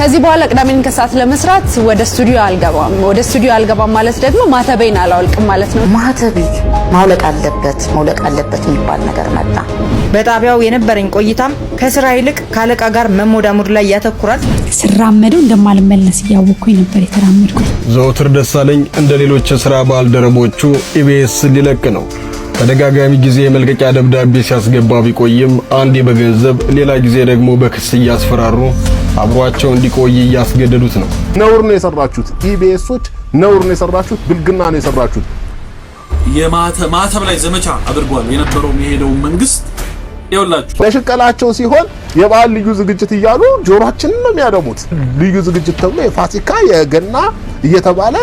ከዚህ በኋላ ቅዳሜን ከሰዓት ለመስራት ወደ ስቱዲዮ አልገባም። ወደ ስቱዲዮ አልገባም ማለት ደግሞ ማተቤን አላወልቅም ማለት ነው። ማተቤ ማውለቅ አለበት ማውለቅ አለበት የሚባል ነገር መጣ። በጣቢያው የነበረኝ ቆይታም ከስራ ይልቅ ከአለቃ ጋር መሞዳሞድ ላይ ያተኩራል። ስራመደው እንደማልመለስ እያወቅኩኝ ነበር የተራመድኩት። ዘወትር ደሳለኝ እንደ ሌሎች የስራ ባልደረቦቹ ኢቢኤስ ሊለቅ ነው። ተደጋጋሚ ጊዜ የመልቀቂያ ደብዳቤ ሲያስገባ ቢቆይም አንዴ በገንዘብ ሌላ ጊዜ ደግሞ በክስ እያስፈራሩ አብሯቸው እንዲቆይ እያስገደዱት ነው። ነውር ነው የሰራችሁት፣ ኢቢኤሶች ነውር ነው የሰራችሁት፣ ብልግና ነው የሰራችሁት። የማተብ ላይ ዘመቻ አድርጓል የነበረው የሄደው መንግስት ይወላችሁ ለሽቀላቸው ሲሆን የበዓል ልዩ ዝግጅት እያሉ ጆሮአችንን ነው የሚያደሙት። ልዩ ዝግጅት ተብሎ የፋሲካ የገና እየተባለ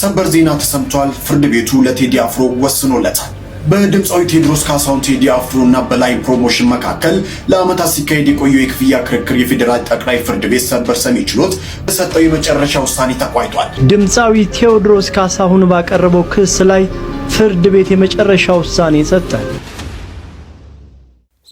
ሰበር ዜና ተሰምቷል። ፍርድ ቤቱ ለቴዲ አፍሮ ወስኖለታል። በድምፃዊ ቴዎድሮስ ካሳሁን ቴዲ አፍሮ እና በላይን ፕሮሞሽን መካከል ለአመታት ሲካሄድ የቆየው የክፍያ ክርክር የፌዴራል ጠቅላይ ፍርድ ቤት ሰበር ሰሚ ችሎት በሰጠው የመጨረሻ ውሳኔ ተቋጭቷል። ድምፃዊ ቴዎድሮስ ካሳሁን ባቀረበው ክስ ላይ ፍርድ ቤት የመጨረሻ ውሳኔ ሰጠ።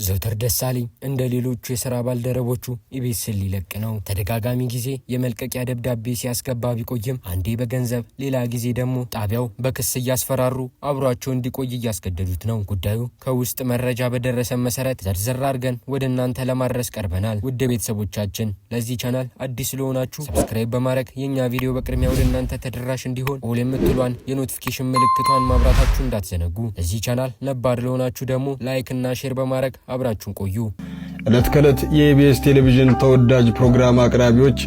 ዘውተር ደሳለኝ እንደ ሌሎቹ የሥራ ባልደረቦቹ ኢቢኤስን ሊለቅ ነው። ተደጋጋሚ ጊዜ የመልቀቂያ ደብዳቤ ሲያስገባ ቢቆይም አንዴ በገንዘብ ሌላ ጊዜ ደግሞ ጣቢያው በክስ እያስፈራሩ አብሯቸው እንዲቆይ እያስገደዱት ነው። ጉዳዩ ከውስጥ መረጃ በደረሰን መሰረት ዘርዘር አድርገን ወደ እናንተ ለማድረስ ቀርበናል። ውድ ቤተሰቦቻችን ለዚህ ቻናል አዲስ ለሆናችሁ ሰብስክራይብ በማድረግ የእኛ ቪዲዮ በቅድሚያ ወደ እናንተ ተደራሽ እንዲሆን ኦል የምትሏን የኖቲፊኬሽን ምልክቷን ማብራታችሁ እንዳትዘነጉ። ለዚህ ቻናል ነባር ለሆናችሁ ደግሞ ላይክ እና ሼር በማድረግ አብራችሁን ቆዩ። ዕለት ከዕለት የኢቢኤስ ቴሌቪዥን ተወዳጅ ፕሮግራም አቅራቢዎች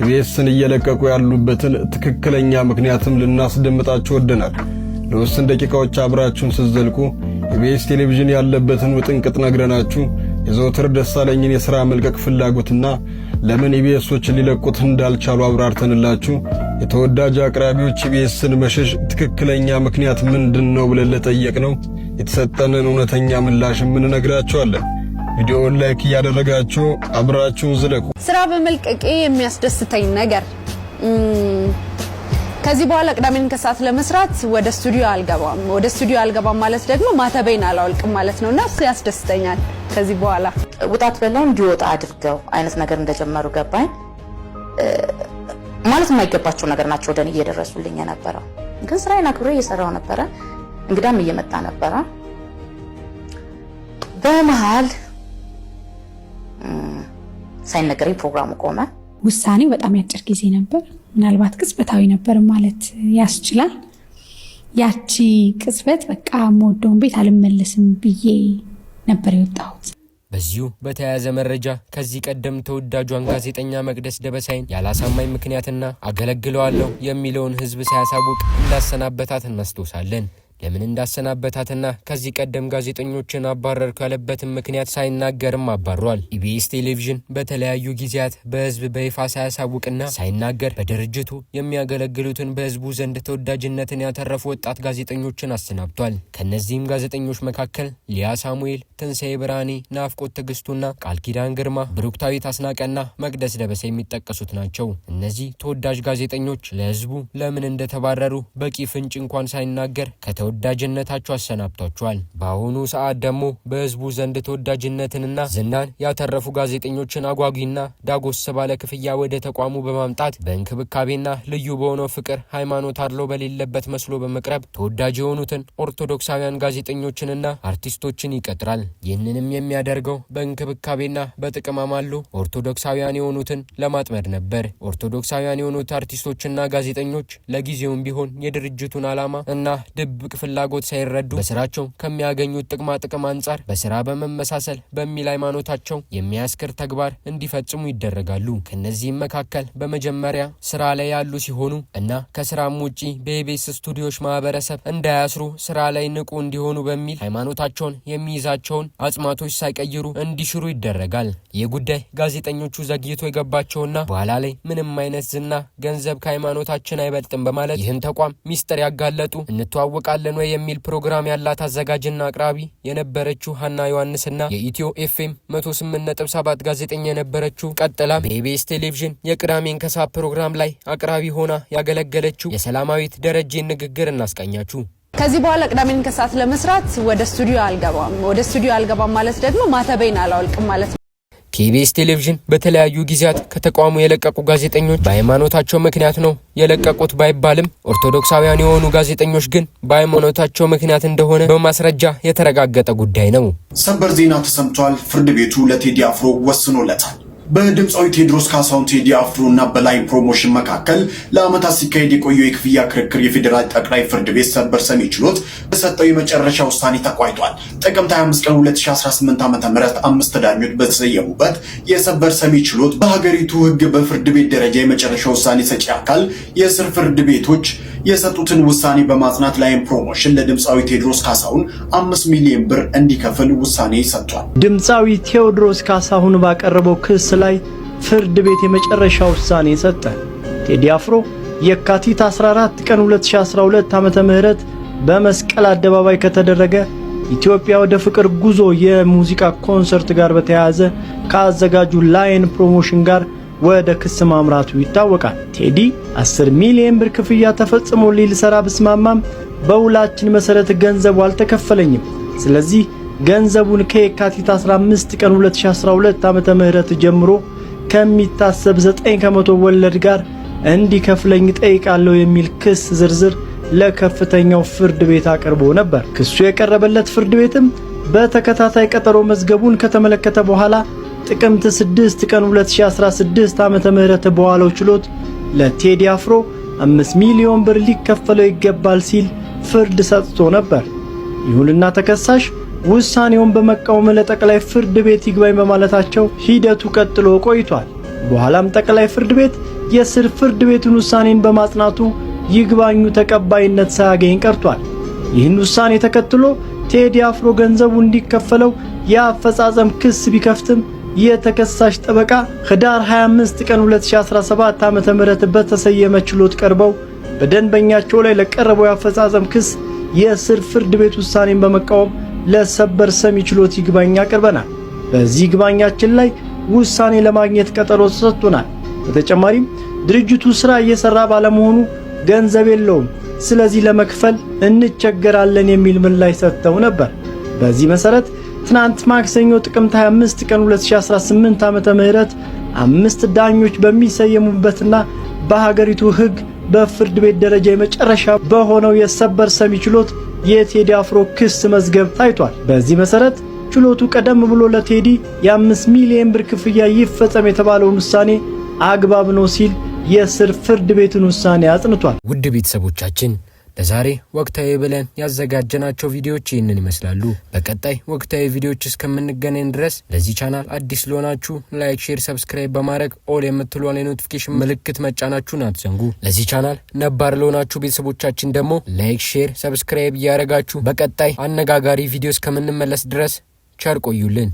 ኢቢኤስን እየለቀቁ ያሉበትን ትክክለኛ ምክንያትም ልናስደምጣችሁ ወደናል። ለውስን ደቂቃዎች አብራችሁን ስትዘልቁ ኢቢኤስ ቴሌቪዥን ያለበትን ውጥንቅጥ ነግረናችሁ የዘወትር ደሳለኝን የሥራ መልቀቅ ፍላጎትና ለምን ኢቢኤሶች ሊለቁት እንዳልቻሉ አብራርተንላችሁ የተወዳጅ አቅራቢዎች ኢቢኤስን መሸሽ ትክክለኛ ምክንያት ምንድን ነው ብለን ነው? የተሰጠንን እውነተኛ ምላሽ የምንነግራቸዋለን። ቪዲዮውን ላይክ እያደረጋችሁ አብራችሁን ዝለቁ። ስራ በመልቀቄ የሚያስደስተኝ ነገር ከዚህ በኋላ ቅዳሜን ከሰዓት ለመስራት ወደ ስቱዲዮ አልገባም። ወደ ስቱዲዮ አልገባም ማለት ደግሞ ማተበይን አላወልቅም ማለት ነው እሱ ያስደስተኛል። ከዚህ በኋላ ውጣት በለው እንዲወጣ አድርገው አይነት ነገር እንደጀመሩ ገባኝ። ማለት የማይገባቸው ነገር ናቸው ወደ እኔ እየደረሱልኝ የነበረው ግን ስራዬን አክብሬ እየሰራው ነበረ። እንግዳም እየመጣ ነበረ። በመሀል ሳይነገረኝ ፕሮግራሙ ቆመ። ውሳኔው በጣም ያጭር ጊዜ ነበር። ምናልባት ቅጽበታዊ ነበር ማለት ያስችላል። ያቺ ቅጽበት በቃ የምወደውን ቤት አልመለስም ብዬ ነበር የወጣሁት። በዚሁ በተያያዘ መረጃ ከዚህ ቀደም ተወዳጇን ጋዜጠኛ መቅደስ ደበሳይን ያላሳማኝ ምክንያትና አገለግለዋለሁ የሚለውን ህዝብ ሳያሳውቅ እንዳሰናበታት እናስታውሳለን። ለምን እንዳሰናበታትና ከዚህ ቀደም ጋዜጠኞችን አባረርኩ ያለበትን ምክንያት ሳይናገርም አባሯል። ኢቢኤስ ቴሌቪዥን በተለያዩ ጊዜያት በህዝብ በይፋ ሳያሳውቅና ሳይናገር በድርጅቱ የሚያገለግሉትን በህዝቡ ዘንድ ተወዳጅነትን ያተረፉ ወጣት ጋዜጠኞችን አሰናብቷል። ከእነዚህም ጋዜጠኞች መካከል ሊያ ሳሙኤል፣ ትንሣኤ ብርሃኔ፣ ናፍቆት ትዕግስቱና ቃል ኪዳን ግርማ፣ ብሩክታዊት አስናቀና መቅደስ ደበሰ የሚጠቀሱት ናቸው። እነዚህ ተወዳጅ ጋዜጠኞች ለህዝቡ ለምን እንደተባረሩ በቂ ፍንጭ እንኳን ሳይናገር ከተ ተወዳጅነታቸው አሰናብቷቸዋል። በአሁኑ ሰዓት ደግሞ በህዝቡ ዘንድ ተወዳጅነትንና ዝናን ያተረፉ ጋዜጠኞችን አጓጊና ዳጎስ ባለ ክፍያ ወደ ተቋሙ በማምጣት በእንክብካቤና ልዩ በሆነው ፍቅር ሃይማኖት አድሎ በሌለበት መስሎ በመቅረብ ተወዳጅ የሆኑትን ኦርቶዶክሳውያን ጋዜጠኞችንና አርቲስቶችን ይቀጥራል። ይህንንም የሚያደርገው በእንክብካቤና በጥቅም አማሉ ኦርቶዶክሳውያን የሆኑትን ለማጥመድ ነበር። ኦርቶዶክሳውያን የሆኑት አርቲስቶችና ጋዜጠኞች ለጊዜውም ቢሆን የድርጅቱን ዓላማ እና ድብቅ ፍላጎት ሳይረዱ በስራቸው ከሚያገኙት ጥቅማ ጥቅም አንጻር በስራ በመመሳሰል በሚል ሃይማኖታቸው የሚያስክር ተግባር እንዲፈጽሙ ይደረጋሉ። ከእነዚህም መካከል በመጀመሪያ ስራ ላይ ያሉ ሲሆኑ እና ከስራም ውጪ በኢቢኤስ ስቱዲዮች ማህበረሰብ እንዳያስሩ ስራ ላይ ንቁ እንዲሆኑ በሚል ሃይማኖታቸውን የሚይዛቸውን አጽማቶች ሳይቀይሩ እንዲሽሩ ይደረጋል። ይህ ጉዳይ ጋዜጠኞቹ ዘግይቶ የገባቸውና በኋላ ላይ ምንም አይነት ዝና፣ ገንዘብ ከሃይማኖታችን አይበልጥም በማለት ይህን ተቋም ሚስጥር ያጋለጡ እንተዋወቃለን አለን ወይ የሚል ፕሮግራም ያላት አዘጋጅና አቅራቢ የነበረችው ሀና ዮሐንስና የኢትዮ ኤፍኤም ሰባት ጋዜጠኛ የነበረችው ቀጥላ በኢቢኤስ ቴሌቪዥን የቅዳሜ እንከሳ ፕሮግራም ላይ አቅራቢ ሆና ያገለገለችው የሰላማዊት ደረጀን ንግግር እናስቃኛችሁ። ከዚህ በኋላ ቅዳሜን ከሰዓት ለመስራት ወደ ስቱዲዮ አልገባም። ወደ ስቱዲዮ አልገባም ማለት ደግሞ ማተቤን አላወልቅም ማለት ኬቢኤስ ቴሌቪዥን በተለያዩ ጊዜያት ከተቋሙ የለቀቁ ጋዜጠኞች በሃይማኖታቸው ምክንያት ነው የለቀቁት ባይባልም ኦርቶዶክሳውያን የሆኑ ጋዜጠኞች ግን በሃይማኖታቸው ምክንያት እንደሆነ በማስረጃ የተረጋገጠ ጉዳይ ነው። ሰበር ዜና ተሰምቷል። ፍርድ ቤቱ ለቴዲ አፍሮ ወስኖለታል። በድምፃዊ ቴዎድሮስ ካሳሁን ቴዲ አፍሮ እና በላይ ፕሮሞሽን መካከል ለዓመታት ሲካሄድ የቆየው የክፍያ ክርክር የፌዴራል ጠቅላይ ፍርድ ቤት ሰበር ሰሚ ችሎት በሰጠው የመጨረሻ ውሳኔ ተቋይቷል። ጥቅምት 25 ቀን 2018 ዓ ም አምስት ዳኞች በተሰየሙበት የሰበር ሰሚ ችሎት በሀገሪቱ ህግ በፍርድ ቤት ደረጃ የመጨረሻ ውሳኔ ሰጪ አካል የስር ፍርድ ቤቶች የሰጡትን ውሳኔ በማጽናት ላይም ፕሮሞሽን ለድምፃዊ ቴዎድሮስ ካሳሁን አምስት ሚሊዮን ብር እንዲከፍል ውሳኔ ሰጥቷል። ድምፃዊ ቴዎድሮስ ካሳሁን ባቀረበው ክስ ላይ ፍርድ ቤት የመጨረሻ ውሳኔ ሰጠ። ቴዲ አፍሮ የካቲት 14 ቀን 2012 ዓ ምህረት በመስቀል አደባባይ ከተደረገ ኢትዮጵያ ወደ ፍቅር ጉዞ የሙዚቃ ኮንሰርት ጋር በተያያዘ ከአዘጋጁ ላይን ፕሮሞሽን ጋር ወደ ክስ ማምራቱ ይታወቃል። ቴዲ 10 ሚሊዮን ብር ክፍያ ተፈጽሞ ሊልሰራ ብስማማም በውላችን መሰረት ገንዘቡ አልተከፈለኝም። ስለዚህ ገንዘቡን ከየካቲት 15 ቀን 2012 ዓመተ ምህረት ጀምሮ ከሚታሰብ 9 ከመቶ ወለድ ጋር እንዲከፍለኝ ጠይቃለሁ የሚል ክስ ዝርዝር ለከፍተኛው ፍርድ ቤት አቅርቦ ነበር። ክሱ የቀረበለት ፍርድ ቤትም በተከታታይ ቀጠሮ መዝገቡን ከተመለከተ በኋላ ጥቅምት 6 ቀን 2016 ዓመተ ምህረት በዋለው ችሎት ለቴዲ አፍሮ 5 ሚሊዮን ብር ሊከፈለው ይገባል ሲል ፍርድ ሰጥቶ ነበር። ይሁንና ተከሳሽ ውሳኔውን በመቃወም ለጠቅላይ ፍርድ ቤት ይግባኝ በማለታቸው ሂደቱ ቀጥሎ ቆይቷል። በኋላም ጠቅላይ ፍርድ ቤት የስር ፍርድ ቤቱን ውሳኔን በማጽናቱ ይግባኙ ተቀባይነት ሳያገኝ ቀርቷል። ይህን ውሳኔ ተከትሎ ቴዲ አፍሮ ገንዘቡ እንዲከፈለው የአፈጻጸም ክስ ቢከፍትም የተከሳሽ ጠበቃ ህዳር 25 ቀን 2017 ዓ.ም በተሰየመ ችሎት ቀርበው በደንበኛቸው ላይ ለቀረበው የአፈጻጸም ክስ የስር ፍርድ ቤት ውሳኔን በመቃወም ለሰበር ሰሚ ችሎት ይግባኝ አቅርበናል። በዚህ ይግባኛችን ላይ ውሳኔ ለማግኘት ቀጠሮ ተሰጥቶናል። በተጨማሪም ድርጅቱ ሥራ እየሠራ ባለመሆኑ ገንዘብ የለውም፣ ስለዚህ ለመክፈል እንቸገራለን የሚል ምላሽ ሰጥተው ነበር። በዚህ መሠረት ትናንት ማክሰኞ ጥቅምት 25 ቀን 2018 ዓመተ ምህረት አምስት ዳኞች በሚሰየሙበትና በሀገሪቱ ሕግ በፍርድ ቤት ደረጃ የመጨረሻ በሆነው የሰበር ሰሚ ችሎት የቴዲ አፍሮ ክስ መዝገብ ታይቷል። በዚህ መሰረት ችሎቱ ቀደም ብሎ ለቴዲ የአምስት ሚሊዮን ብር ክፍያ ይፈጸም የተባለውን ውሳኔ አግባብ ነው ሲል የስር ፍርድ ቤትን ውሳኔ አጽንቷል። ውድ ቤተሰቦቻችን ለዛሬ ወቅታዊ ብለን ያዘጋጀናቸው ቪዲዮዎች ይህንን ይመስላሉ። በቀጣይ ወቅታዊ ቪዲዮዎች እስከምንገናኝ ድረስ ለዚህ ቻናል አዲስ ለሆናችሁ ላይክ፣ ሼር፣ ሰብስክራይብ በማድረግ ኦል የምትሏን የኖቲፊኬሽን ምልክት መጫናችሁን አትዘንጉ። ለዚህ ቻናል ነባር ለሆናችሁ ቤተሰቦቻችን ደግሞ ላይክ፣ ሼር፣ ሰብስክራይብ እያደረጋችሁ በቀጣይ አነጋጋሪ ቪዲዮ እስከምንመለስ ድረስ ቸር ቆዩልን።